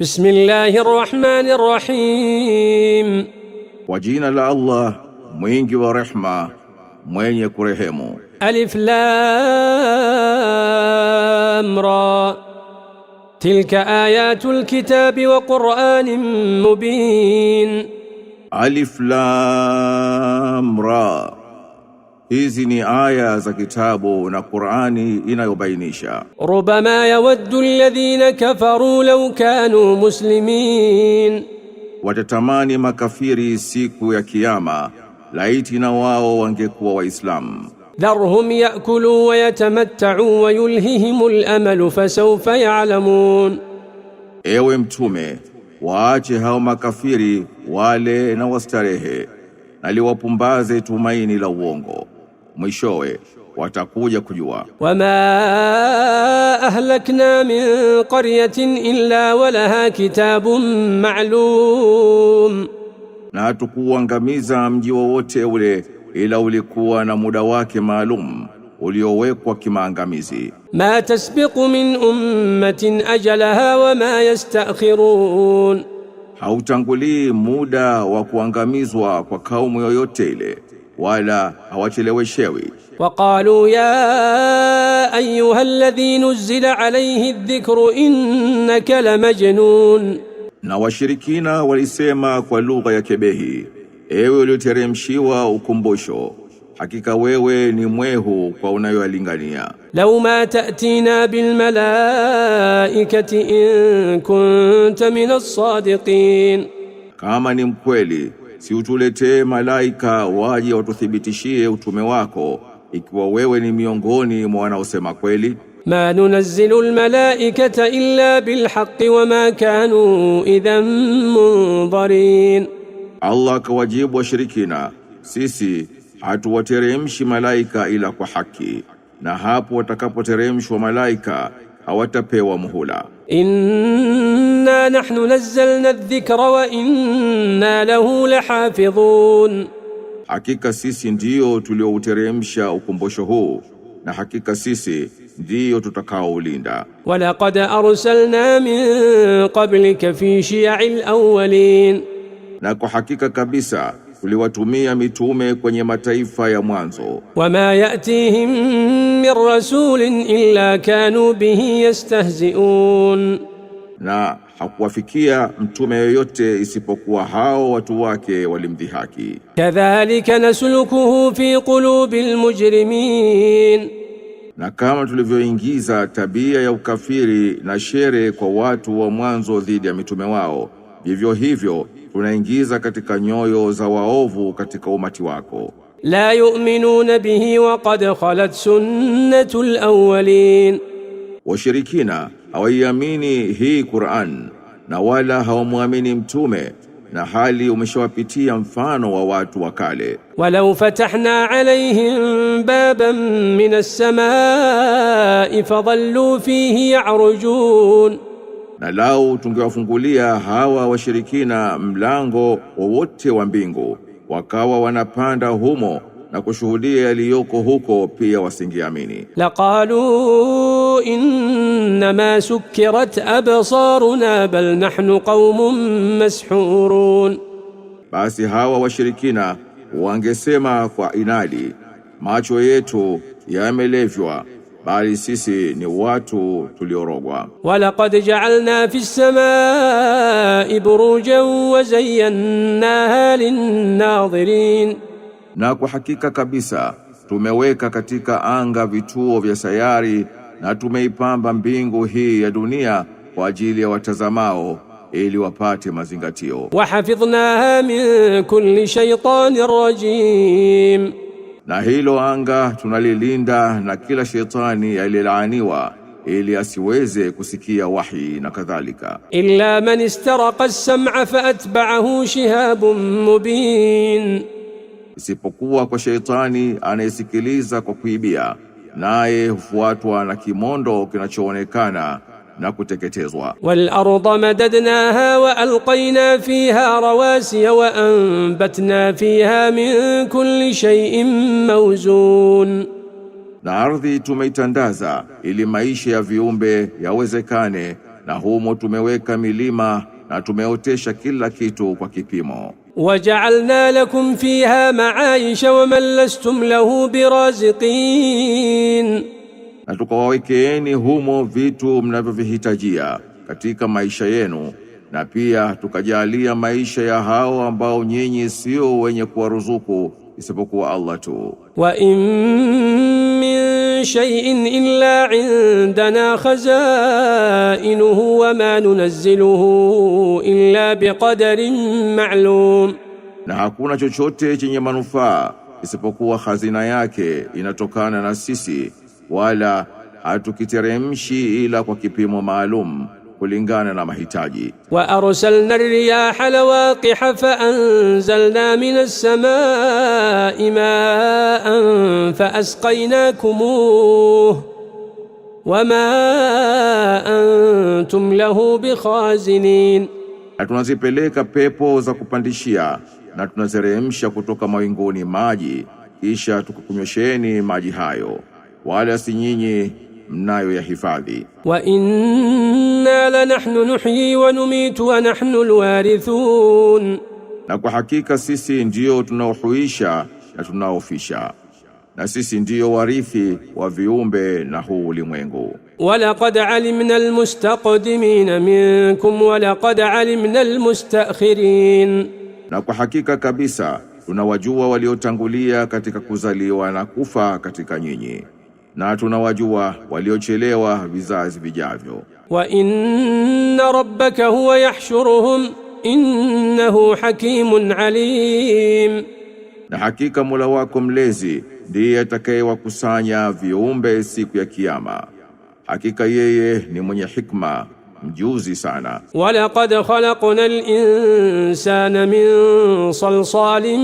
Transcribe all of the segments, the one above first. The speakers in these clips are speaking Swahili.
بسم الله الرحمن الرحيم وجينا لله مينج ورحمة مين يكرهم ألف لام را تلك آيات الكتاب وقرآن مبين ألف لام را Hizi ni aya za kitabu na Qur'ani inayobainisha. Rubama yawaddu alladhina kafaru law kanu muslimin, watatamani makafiri siku ya Kiyama, laiti na wao wangekuwa Waislamu. Dharhum yakulu wa yatamattau wa yulhihimu alamalu fasawfa ya'lamun, ewe Mtume, waache hao makafiri wale na wastarehe, naliwapumbaze tumaini la uongo mwishowe watakuja kujua. wama ahlakna min qaryatin illa walaha kitabun ma'lum, na hatukuuangamiza mji wowote ule ila ulikuwa na muda wake maalum uliowekwa kimaangamizi. ma tasbiqu min ummatin ajalaha wama yastakhirun, hautangulii muda wa kuangamizwa kwa kaumu yoyote ile wala hawacheleweshewi. Waqalu ya ayuha alladhi nuzila alayhi dhikru innaka la majnun, na washirikina walisema kwa lugha ya kebehi, ewe ulioteremshiwa ukumbusho hakika wewe ni mwehu kwa unayoyalingania. lau ma tatina bil malaikati in kunta min as-sadiqin, kama ni mkweli si utuletee malaika waje watuthibitishie utume wako, ikiwa wewe ni miongoni mwa wanaosema kweli. ma nunazzilu almalaikata illa bilhaqqi wama kanu idhan mundharin, Allah akawajibu washirikina, sisi hatuwateremshi malaika ila kwa haki, na hapo watakapoteremshwa malaika hawatapewa muhula. Inna nahnu nazzalna adh-dhikra wa inna lahu lahafidhun, hakika sisi ndiyo tuliouteremsha ukumbusho huu na hakika sisi ndiyo tutakaoulinda. Walaqad arsalna min qablika fi shiya'i al-awwalin, na kwa hakika kabisa uliwatumia mitume kwenye mataifa ya mwanzo. wama yatihim min rasulin illa kanu bihi yastahziun, na hakuwafikia mtume yoyote isipokuwa hao watu wake walimdhihaki. kadhalika nasulukuhu fi qulubil mujrimin, na kama tulivyoingiza tabia ya ukafiri na shere kwa watu wa mwanzo dhidi ya mitume wao vivyo hivyo tunaingiza katika nyoyo za waovu katika umati wako. La yu'minuna bihi wa qad khalat sunnatul awwalin, washirikina hawaiamini hii Qur'an na wala hawamwamini mtume na hali umeshawapitia mfano wa watu wa kale. walau fatahna alaihim baban min as-samai fadhallu fihi ya'rujun na lau tungewafungulia hawa washirikina mlango wowote wa mbingu, wakawa wanapanda humo na kushuhudia yaliyoko huko, pia wasingeamini. laqalu innama sukkirat absaruna bal nahnu qaumun mashhurun, basi hawa washirikina wangesema kwa inadi, macho yetu yamelevywa bali sisi ni watu tuliorogwa. walaqad ja'alna fi samai burujan wa zayyanaha linnadhirin, na kwa hakika kabisa tumeweka katika anga vituo vya sayari na tumeipamba mbingu hii ya dunia kwa ajili ya watazamao ili wapate mazingatio. hafidhnaha min kulli shaytanir rajim na hilo anga tunalilinda na kila shetani aliyelaaniwa ili asiweze kusikia wahi na kadhalika. illa man istaraqa as-sam'a fa atba'ahu shihabun mubin, isipokuwa kwa sheitani anayesikiliza kwa kuibia, naye hufuatwa na kimondo kinachoonekana na kuteketezwa. Wal arda madadnaha wa alqayna fiha rawasiya wa anbatna fiha min kulli shay'in mawzun, na ardhi tumeitandaza ili maisha ya viumbe yawezekane, na humo tumeweka milima na tumeotesha kila kitu kwa kipimo. Waja'alna lakum fiha ma'aisha wa man lastum lahu biraziqin na tukawawekeeni humo vitu mnavyovihitajia katika maisha yenu, na pia tukajalia maisha ya hao ambao nyinyi sio wenye kuwaruzuku isipokuwa Allah tu. wa in min shay'in illa indana khazainuhu wa ma nunazziluhu illa biqadarin ma'lum, na hakuna chochote chenye manufaa isipokuwa hazina yake inatokana na sisi wala hatukiteremshi ila kwa kipimo maalum kulingana na mahitaji. wa arsalna riyaha lawaqiha fa anzalna as-samaa'i maan fa asqaynakumuh ma antum lahu bikhazinin, na tunazipeleka pepo za kupandishia na tunazeremsha kutoka mawinguni maji kisha tukakunywesheni maji hayo wala si nyinyi hifadhi. wa inna la nahnu nuhyi wa numitu wa nahnu alwarithun, na kwa hakika sisi ndiyo tunaohuisha na tunaofisha na sisi ndiyo warithi wa viumbe na huu ulimwengu. walaqad alimna almustaqdimin minkum walaqad alimna almustakhirin, na kwa hakika kabisa tunawajua waliotangulia katika kuzaliwa na kufa katika nyinyi na tunawajua waliochelewa vizazi vijavyo. wa inna rabbaka huwa yahshuruhum innahu hakimun alim, na hakika Mola wako mlezi ndiye atakayewakusanya viumbe siku ya Kiyama, hakika yeye ni mwenye hikma mjuzi sana. walaqad khalaqna al-insana min salsalin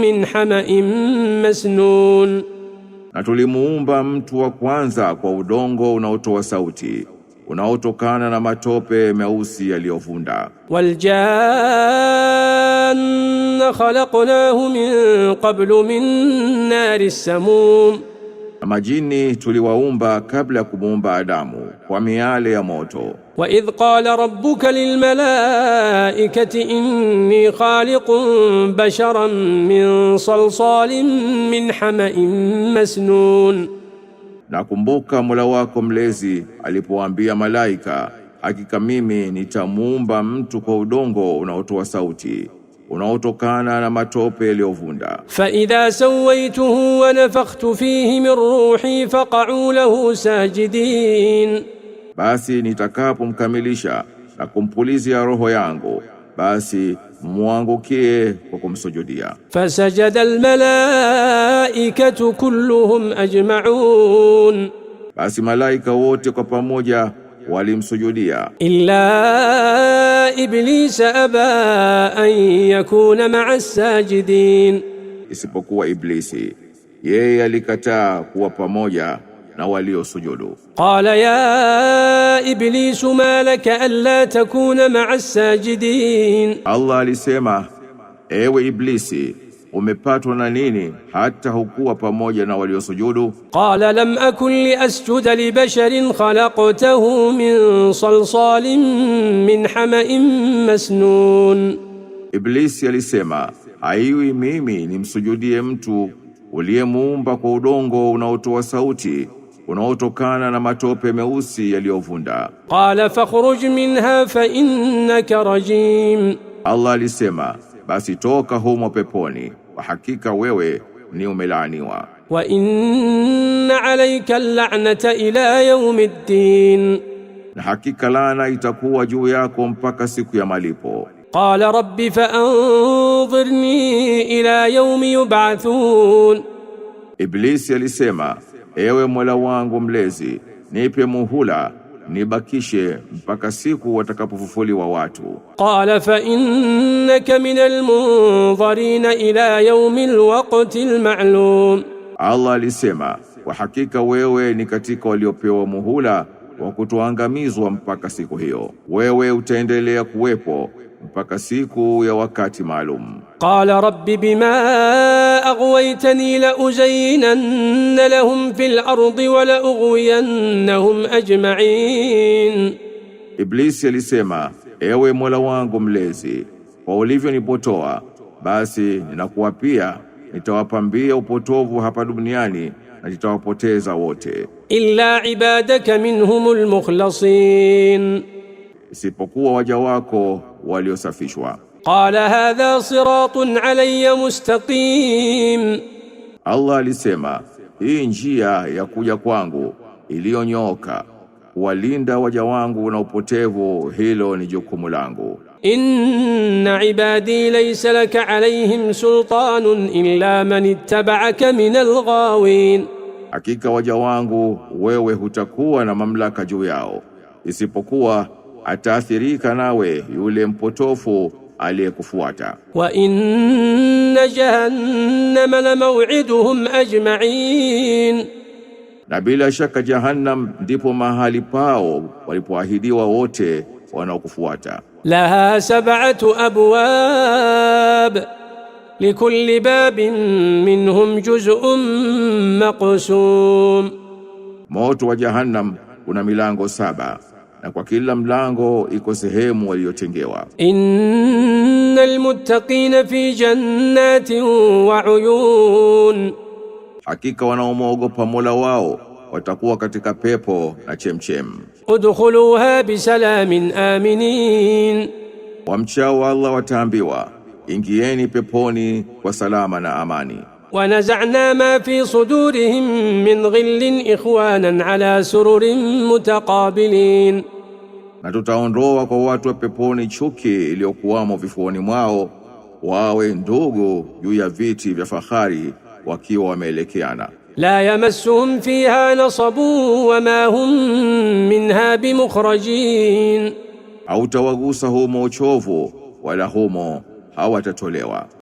min hama'in masnun na tulimuumba mtu wa kwanza kwa udongo unaotoa sauti unaotokana na matope meusi yaliyovunda. waljanna khalaqnahu min qablu min nari samum, na majini tuliwaumba kabla ya kumuumba Adamu kwa miale ya moto. وإذ قال ربك للملائكة إني خالق بشرا من صلصال من حمأ مسنون Nakumbuka Mola wako mlezi alipowaambia malaika, hakika mimi nitamuumba mtu kwa udongo unaotoa sauti unaotokana na matope yaliyovunda. fa idha sawaituhu wa nafakhtu fihi min ruhi faq'u lahu sajidin basi nitakapomkamilisha na kumpulizia roho yangu basi mwangukie kwa kumsujudia. Fasajada almalaikatu kulluhum ajmaun, basi malaika wote kwa pamoja walimsujudia. Illa iblisa aba an yakuna maa sajidin, isipokuwa Iblisi yeye alikataa kuwa pamoja na waliosujudu. Qala ya iblis ma laka alla takuna ma'a sajidin, Allah alisema ewe Iblisi umepatwa na nini hata hukuwa pamoja na waliosujudu? Qala lam akun li asjuda li basharin khalaqtahu min salsalin min hama'in masnun, Iblisi alisema haiwi mimi nimsujudie mtu uliyemuumba kwa udongo unaotoa sauti unaotokana na matope meusi yaliyovunda. Qala fakhruj minha fa innaka rajim, Allah alisema basi toka humo peponi, kwa hakika wewe ni umelaaniwa. Wa inna alayka al-la'nata ila yawmiddin, na hakika laana itakuwa juu yako mpaka siku ya malipo. Qala rabbi fa anzirni ila yawmi yub'athun, Iblisi alisema Ewe Mola wangu mlezi, nipe muhula nibakishe mpaka siku watakapofufuliwa watu. Qala fa innaka min almunzarin ila yawmil waqtil almalum, Allah alisema kwa hakika wewe ni katika waliopewa muhula wa kutoangamizwa mpaka siku hiyo. Wewe utaendelea kuwepo mpaka siku ya wakati maalum. Qala rabbi bima aghwaytani la uzayyinanna lahum fil ardi wa la ughwiyannahum ajma'in, Iblisi alisema ewe Mola wangu mlezi, kwa ulivyonipotoa basi ninakuwa pia nitawapambia upotovu hapa duniani na nitawapoteza wote. Illa ibadaka minhumul mukhlasin, isipokuwa waja wako waliosafishwa. Qala hadha siratun alayya mustaqim, Allah alisema hii njia ya kuja kwangu iliyonyooka, walinda waja wangu na upotevu, hilo ni jukumu langu. Inna ibadi laysa laka alayhim sultanun illa man ittaba'aka min alghawin, hakika waja wangu wewe hutakuwa na mamlaka juu yao isipokuwa ataathirika nawe yule mpotofu aliyekufuata. wa inna jahannama la maw'iduhum ajma'in, na bila shaka Jahannam ndipo mahali pao walipoahidiwa wote wanaokufuata. laha sab'atu abwab likulli babin minhum juz'un maqsum, moto wa Jahannam una milango saba na kwa kila mlango iko sehemu waliyotengewa. Innal muttaqina fi jannatin wa uyun, hakika wanaomwogopa Mola wao watakuwa katika pepo na chemchem. Udkhuluha bisalamin aminin, wamchao Allah wataambiwa ingieni peponi kwa salama na amani. ونزعنا ما في صدورهم min ghillin ikhwanan ala sururin mutaqabilin, na tutaondoa kwa watu wa peponi chuki iliyokuwamo vifuoni mwao, wawe ndugu juu ya viti vya fahari wakiwa wameelekeana. La yamassuhum fiha nasabu wama hum minha bimukhrajin, hautawagusa humo uchovu wala humo hawatatolewa.